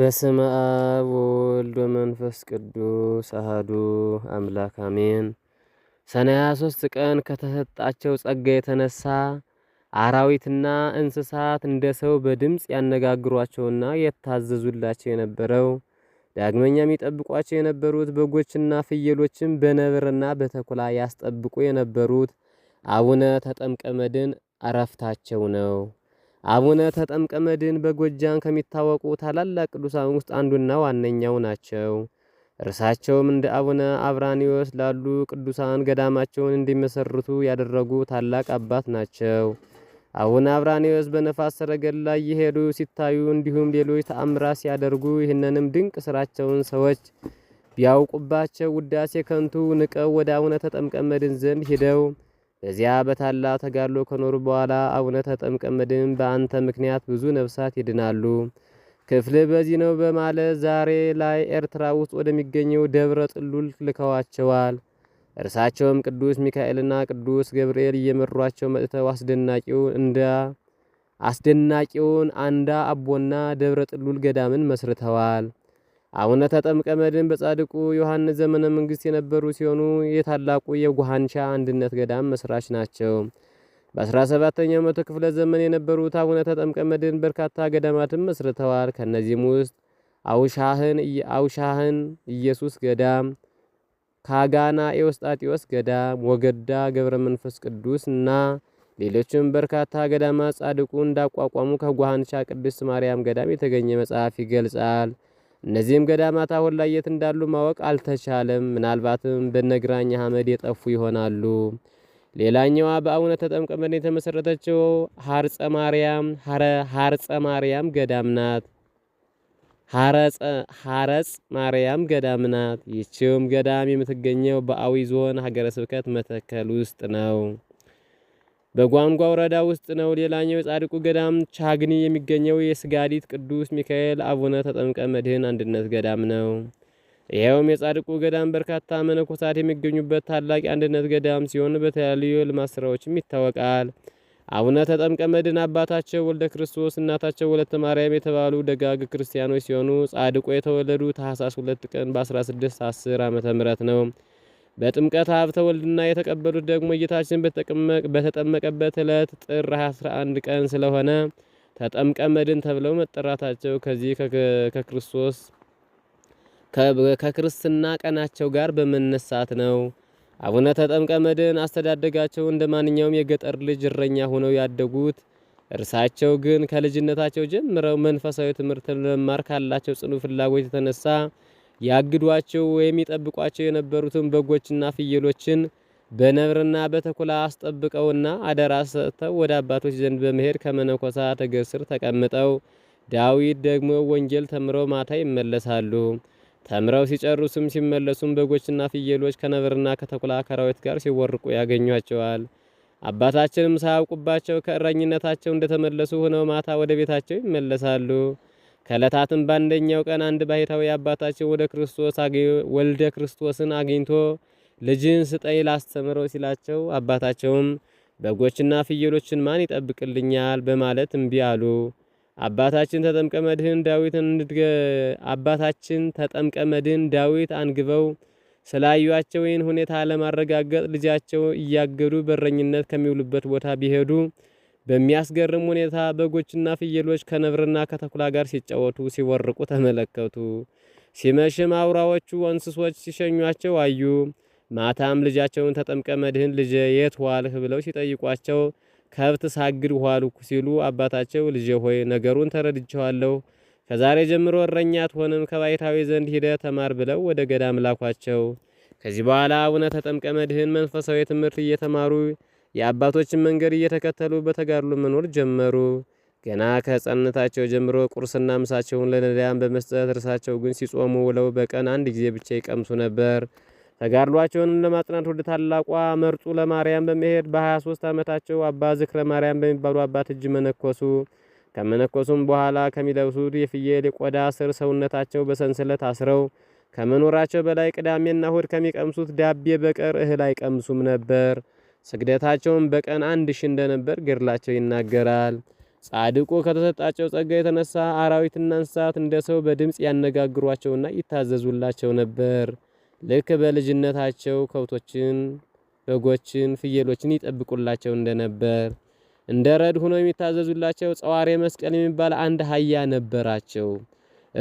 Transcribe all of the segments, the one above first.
በስመ አብ ወወልድ ወመንፈስ ቅዱስ አሃዱ አምላክ አሜን። ሰኔ 23 ቀን ከተሰጣቸው ጸጋ የተነሳ አራዊትና እንስሳት እንደ ሰው በድምፅ ያነጋግሯቸውና የታዘዙላቸው የነበረው ዳግመኛ የሚጠብቋቸው የነበሩት በጎችና ፍየሎችም በነብርና በተኩላ ያስጠብቁ የነበሩት አቡነ ተጠምቀ መድኅን ዕረፍታቸው ነው። አቡነ ተጠምቀ መድኅን በጎጃም ከሚታወቁ ታላላቅ ቅዱሳን ውስጥ አንዱና ዋነኛው ናቸው። እርሳቸውም እንደ አቡነ አብራኒዎስ ላሉ ቅዱሳን ገዳማቸውን እንዲመሰርቱ ያደረጉ ታላቅ አባት ናቸው። አቡነ አብራኒዎስ በነፋስ ሰረገላ እየሄዱ ሲታዩ፣ እንዲሁም ሌሎች ተአምራት ሲያደርጉ ይህንንም ድንቅ ስራቸውን ሰዎች ቢያውቁባቸው ውዳሴ ከንቱ ንቀው ወደ አቡነ ተጠምቀ መድኅን ዘንድ ሂደው በዚያ በታላ ተጋድሎ ከኖሩ በኋላ አቡነ ተጠምቀ መድን በአንተ ምክንያት ብዙ ነፍሳት ይድናሉ ክፍል በዚህ ነው በማለት ዛሬ ላይ ኤርትራ ውስጥ ወደሚገኘው ደብረ ጥሉል ልከዋቸዋል። እርሳቸውም ቅዱስ ሚካኤልና ቅዱስ ገብርኤል እየመሯቸው መጥተው አስደናቂው እንዳ አስደናቂውን አንዳ አቦና ደብረ ጥሉል ገዳምን መስርተዋል። አቡነ ተጠምቀ መድን በጻድቁ ዮሐንስ ዘመነ መንግስት የነበሩ ሲሆኑ የታላቁ የጉሃንሻ አንድነት ገዳም መስራች ናቸው። በ17ኛው መቶ ክፍለ ዘመን የነበሩት አቡነ ተጠምቀ መድን በርካታ ገዳማትን መስርተዋል። ከነዚህም ውስጥ አውሻህን ኢየሱስ ገዳም፣ ካጋና ኤዎስጣጢዎስ ገዳም፣ ወገዳ ገብረ መንፈስ ቅዱስ እና ሌሎችም በርካታ ገዳማት ጻድቁ እንዳቋቋሙ ከጓሃንሻ ቅድስት ማርያም ገዳም የተገኘ መጽሐፍ ይገልጻል። እነዚህም ገዳማት አሁን ላይ የት እንዳሉ ማወቅ አልተቻለም። ምናልባትም በነግራኝ ሐመድ የጠፉ ይሆናሉ። ሌላኛዋ በአቡነ ተጠምቀመን የተመሰረተችው ሀርጸ ማርያም ሀርጸ ማርያም ገዳም ናት። ሀረጽ ማርያም ገዳም ናት። ይህችውም ገዳም የምትገኘው በአዊ ዞን ሀገረ ስብከት መተከል ውስጥ ነው። በጓንጓ ወረዳ ውስጥ ነው። ሌላኛው የጻድቁ ገዳም ቻግኒ የሚገኘው የስጋዲት ቅዱስ ሚካኤል አቡነ ተጠምቀ መድህን አንድነት ገዳም ነው። ይኸውም የጻድቁ ገዳም በርካታ መነኮሳት የሚገኙበት ታላቅ የአንድነት ገዳም ሲሆን በተለያዩ የልማት ስራዎችም ይታወቃል። አቡነ ተጠምቀ መድህን አባታቸው ወልደ ክርስቶስ እናታቸው ወለተ ማርያም የተባሉ ደጋግ ክርስቲያኖች ሲሆኑ ጻድቁ የተወለዱ ታኅሳስ ሁለት ቀን በ1610 ዓ ም ነው። በጥምቀት ሀብተ ወልድና የተቀበሉት ደግሞ ጌታችን በተጠመቀበት ዕለት ጥር 11 ቀን ስለሆነ ተጠምቀ መድን ተብለው መጠራታቸው ከዚህ ከክርስቶስ ከክርስትና ቀናቸው ጋር በመነሳት ነው። አቡነ ተጠምቀ መድን አስተዳደጋቸው እንደ ማንኛውም የገጠር ልጅ እረኛ ሆነው ያደጉት፣ እርሳቸው ግን ከልጅነታቸው ጀምረው መንፈሳዊ ትምህርት ለመማር ካላቸው ጽኑ ፍላጎት የተነሳ ያግዷቸው ወይም ይጠብቋቸው የነበሩትን በጎችና ፍየሎችን በነብርና በተኩላ አስጠብቀውና አደራ ሰጥተው ወደ አባቶች ዘንድ በመሄድ ከመነኮሳት እግር ስር ተቀምጠው ዳዊት ደግሞ ወንጌል ተምረው ማታ ይመለሳሉ። ተምረው ሲጨርሱም ሲመለሱም በጎችና ፍየሎች ከነብርና ከተኩላ ከራዊት ጋር ሲወርቁ ያገኟቸዋል። አባታችንም ሳያውቁባቸው ከእረኝነታቸው እንደተመለሱ ሆነው ማታ ወደ ቤታቸው ይመለሳሉ። ከዕለታትም በአንደኛው ቀን አንድ ባሕታዊ አባታችን ወደ ክርስቶስ ወልደ ክርስቶስን አግኝቶ ልጅን ስጠኝ ላስተምረው ሲላቸው አባታቸውም በጎችና ፍየሎችን ማን ይጠብቅልኛል በማለት እምቢ አሉ። አባታችን ተጠምቀ መድህን ዳዊት አባታችን ተጠምቀ መድህን ዳዊት አንግበው ስላዩአቸው ይህን ሁኔታ ለማረጋገጥ ልጃቸው እያገዱ በረኝነት ከሚውሉበት ቦታ ቢሄዱ በሚያስገርም ሁኔታ በጎችና ፍየሎች ከነብርና ከተኩላ ጋር ሲጫወቱ ሲወርቁ ተመለከቱ። ሲመሽም አውራዎቹ እንስሶች ሲሸኟቸው አዩ። ማታም ልጃቸውን ተጠምቀ መድህን ልጀ የት ዋልህ ብለው ሲጠይቋቸው ከብት ሳግድ ዋልኩ ሲሉ አባታቸው ልጄ ሆይ ነገሩን ተረድቸዋለሁ። ከዛሬ ጀምሮ እረኛ አትሆንም፣ ከባይታዊ ዘንድ ሂደ ተማር ብለው ወደ ገዳም ላኳቸው። ከዚህ በኋላ አቡነ ተጠምቀ መድህን መንፈሳዊ ትምህርት እየተማሩ የአባቶችን መንገድ እየተከተሉ በተጋድሎ መኖር ጀመሩ። ገና ከሕፃንነታቸው ጀምሮ ቁርስና ምሳቸውን ለነዳያን በመስጠት እርሳቸው ግን ሲጾሙ ውለው በቀን አንድ ጊዜ ብቻ ይቀምሱ ነበር። ተጋድሏቸውንም ለማጽናት ወደ ታላቋ መርጡ ለማርያም በመሄድ በ23 ዓመታቸው አባ ዝክረ ማርያም በሚባሉ አባት እጅ መነኮሱ። ከመነኮሱም በኋላ ከሚለብሱት የፍየል የቆዳ ስር ሰውነታቸው በሰንሰለት አስረው ከመኖራቸው በላይ ቅዳሜና እሁድ ከሚቀምሱት ዳቤ በቀር እህል አይቀምሱም ነበር። ስግደታቸውን በቀን አንድ ሺህ እንደነበር ገድላቸው ይናገራል። ጻድቁ ከተሰጣቸው ጸጋ የተነሳ አራዊትና እንስሳት እንደ ሰው በድምፅ ያነጋግሯቸውና ይታዘዙላቸው ነበር። ልክ በልጅነታቸው ከብቶችን፣ በጎችን፣ ፍየሎችን ይጠብቁላቸው እንደነበር እንደ ረድ ሆኖ የሚታዘዙላቸው ጸዋሬ መስቀል የሚባል አንድ ሀያ ነበራቸው።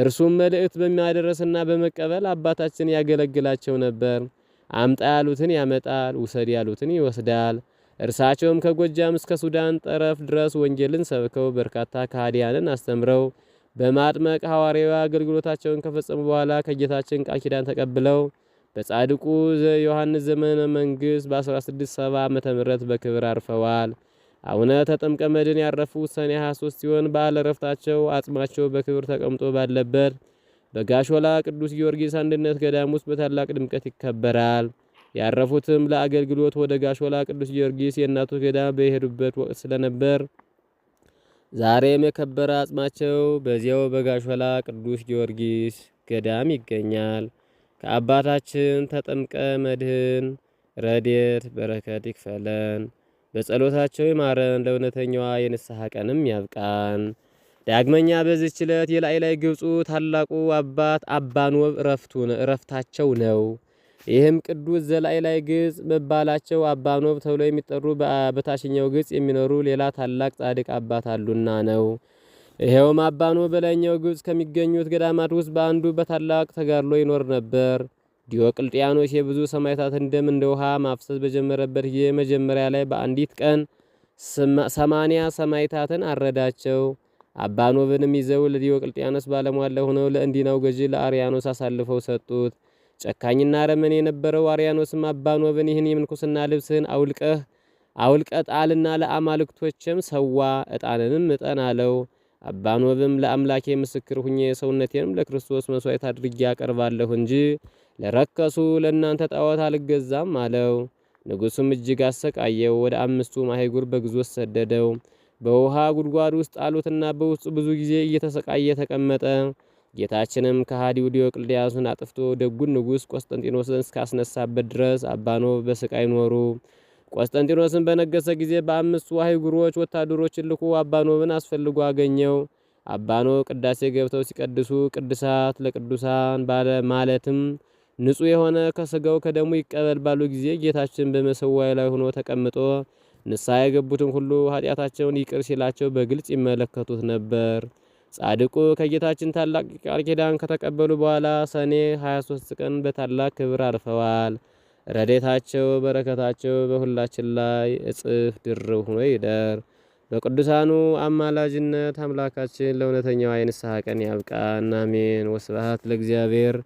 እርሱም መልእክት በሚያደርስና በመቀበል አባታችን ያገለግላቸው ነበር። አምጣ ያሉትን ያመጣል፣ ውሰድ ያሉትን ይወስዳል። እርሳቸውም ከጎጃም እስከ ሱዳን ጠረፍ ድረስ ወንጌልን ሰብከው በርካታ ካዲያንን አስተምረው በማጥመቅ ሐዋርያዊ አገልግሎታቸውን ከፈጸሙ በኋላ ከጌታችን ቃል ኪዳን ተቀብለው በጻድቁ ዮሐንስ ዘመነ መንግስት በ1670 ዓ ም በክብር አርፈዋል። አቡነ ተጠምቀ መድን ያረፉት ሰኔ 23 ሲሆን በዓለ ዕረፍታቸው አጽማቸው በክብር ተቀምጦ ባለበት በጋሾላ ቅዱስ ጊዮርጊስ አንድነት ገዳም ውስጥ በታላቅ ድምቀት ይከበራል። ያረፉትም ለአገልግሎት ወደ ጋሾላ ቅዱስ ጊዮርጊስ የእናቱ ገዳም በሄዱበት ወቅት ስለነበር ዛሬም የከበረ አጽማቸው በዚያው በጋሾላ ቅዱስ ጊዮርጊስ ገዳም ይገኛል። ከአባታችን ተጠምቀ መድህን ረድኤት በረከት ይክፈለን፣ በጸሎታቸው ይማረን፣ ለእውነተኛዋ የንስሐ ቀንም ያብቃን። ዳግመኛ በዚህች ዕለት የላይ ላይ ግብፁ ታላቁ አባት አባኖብ እረፍታቸው ነው። ይህም ቅዱስ ዘላይ ላይ ግብፅ መባላቸው አባኖብ ተብለው የሚጠሩ በታችኛው ግብፅ የሚኖሩ ሌላ ታላቅ ጻድቅ አባት አሉና ነው። ይኸውም አባኖብ በላይኛው ግብፅ ከሚገኙት ገዳማት ውስጥ በአንዱ በታላቅ ተጋድሎ ይኖር ነበር። ዲዮቅልጥያኖስ የብዙ ሰማዕታትን ደም እንደ ውሃ ማፍሰስ በጀመረበት ጊዜ መጀመሪያ ላይ በአንዲት ቀን ሰማንያ ሰማዕታትን አረዳቸው። አባኖብንም ይዘው ለዲዮቅልጥያኖስ ባለሟል ሆነው ለእንዲናው ገዢ ለአርያኖስ አሳልፈው ሰጡት። ጨካኝና ረመን የነበረው አርያኖስም አባኖብን ይህን የምንኩስና ልብስህን አውልቀህ አውልቀ ጣልና ለአማልክቶችም ሰዋ ዕጣንንም እጠን አለው። አባኖብም ለአምላኬ ምስክር ሁኜ የሰውነቴንም ለክርስቶስ መስዋዕት አድርጌ አቀርባለሁ እንጂ ለረከሱ ለእናንተ ጣዖት አልገዛም አለው። ንጉሱም እጅግ አሰቃየው፣ ወደ አምስቱ ማሄጉር በግዞት ሰደደው። በውሃ ጉድጓድ ውስጥ ጣሉትና በውስጡ ብዙ ጊዜ እየተሰቃየ ተቀመጠ። ጌታችንም ከሃዲው ዲዮቅልጥያስን አጥፍቶ ደጉን ንጉሥ ቆስጠንጢኖስን እስካስነሳበት ድረስ አባኖ በስቃይ ኖሩ። ቆስጠንጢኖስን በነገሰ ጊዜ በአምስቱ አህጉሮች ወታደሮችን ልኮ አባኖብን አስፈልጎ አገኘው። አባኖ ቅዳሴ ገብተው ሲቀድሱ ቅዱሳት ለቅዱሳን ባለ ማለትም ንጹሕ የሆነ ከስጋው ከደሙ ይቀበል ባሉ ጊዜ ጌታችን በመሰዋይ ላይ ሆኖ ተቀምጦ ንስሐ የገቡትም ሁሉ ኃጢአታቸውን ይቅር ሲላቸው በግልጽ ይመለከቱት ነበር። ጻድቁ ከጌታችን ታላቅ ቃል ኪዳን ከተቀበሉ በኋላ ሰኔ 23 ቀን በታላቅ ክብር አርፈዋል። ረዴታቸው በረከታቸው በሁላችን ላይ እጽፍ ድርብ ሆኖ ይደር። በቅዱሳኑ አማላጅነት አምላካችን ለእውነተኛው የንስሐ ቀን ያብቃን። አሜን። ወስብሐት ለእግዚአብሔር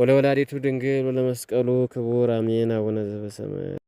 ወለወላዲቱ ድንግል ወለመስቀሉ ክቡር አሜን። አቡነ ዘበሰማያት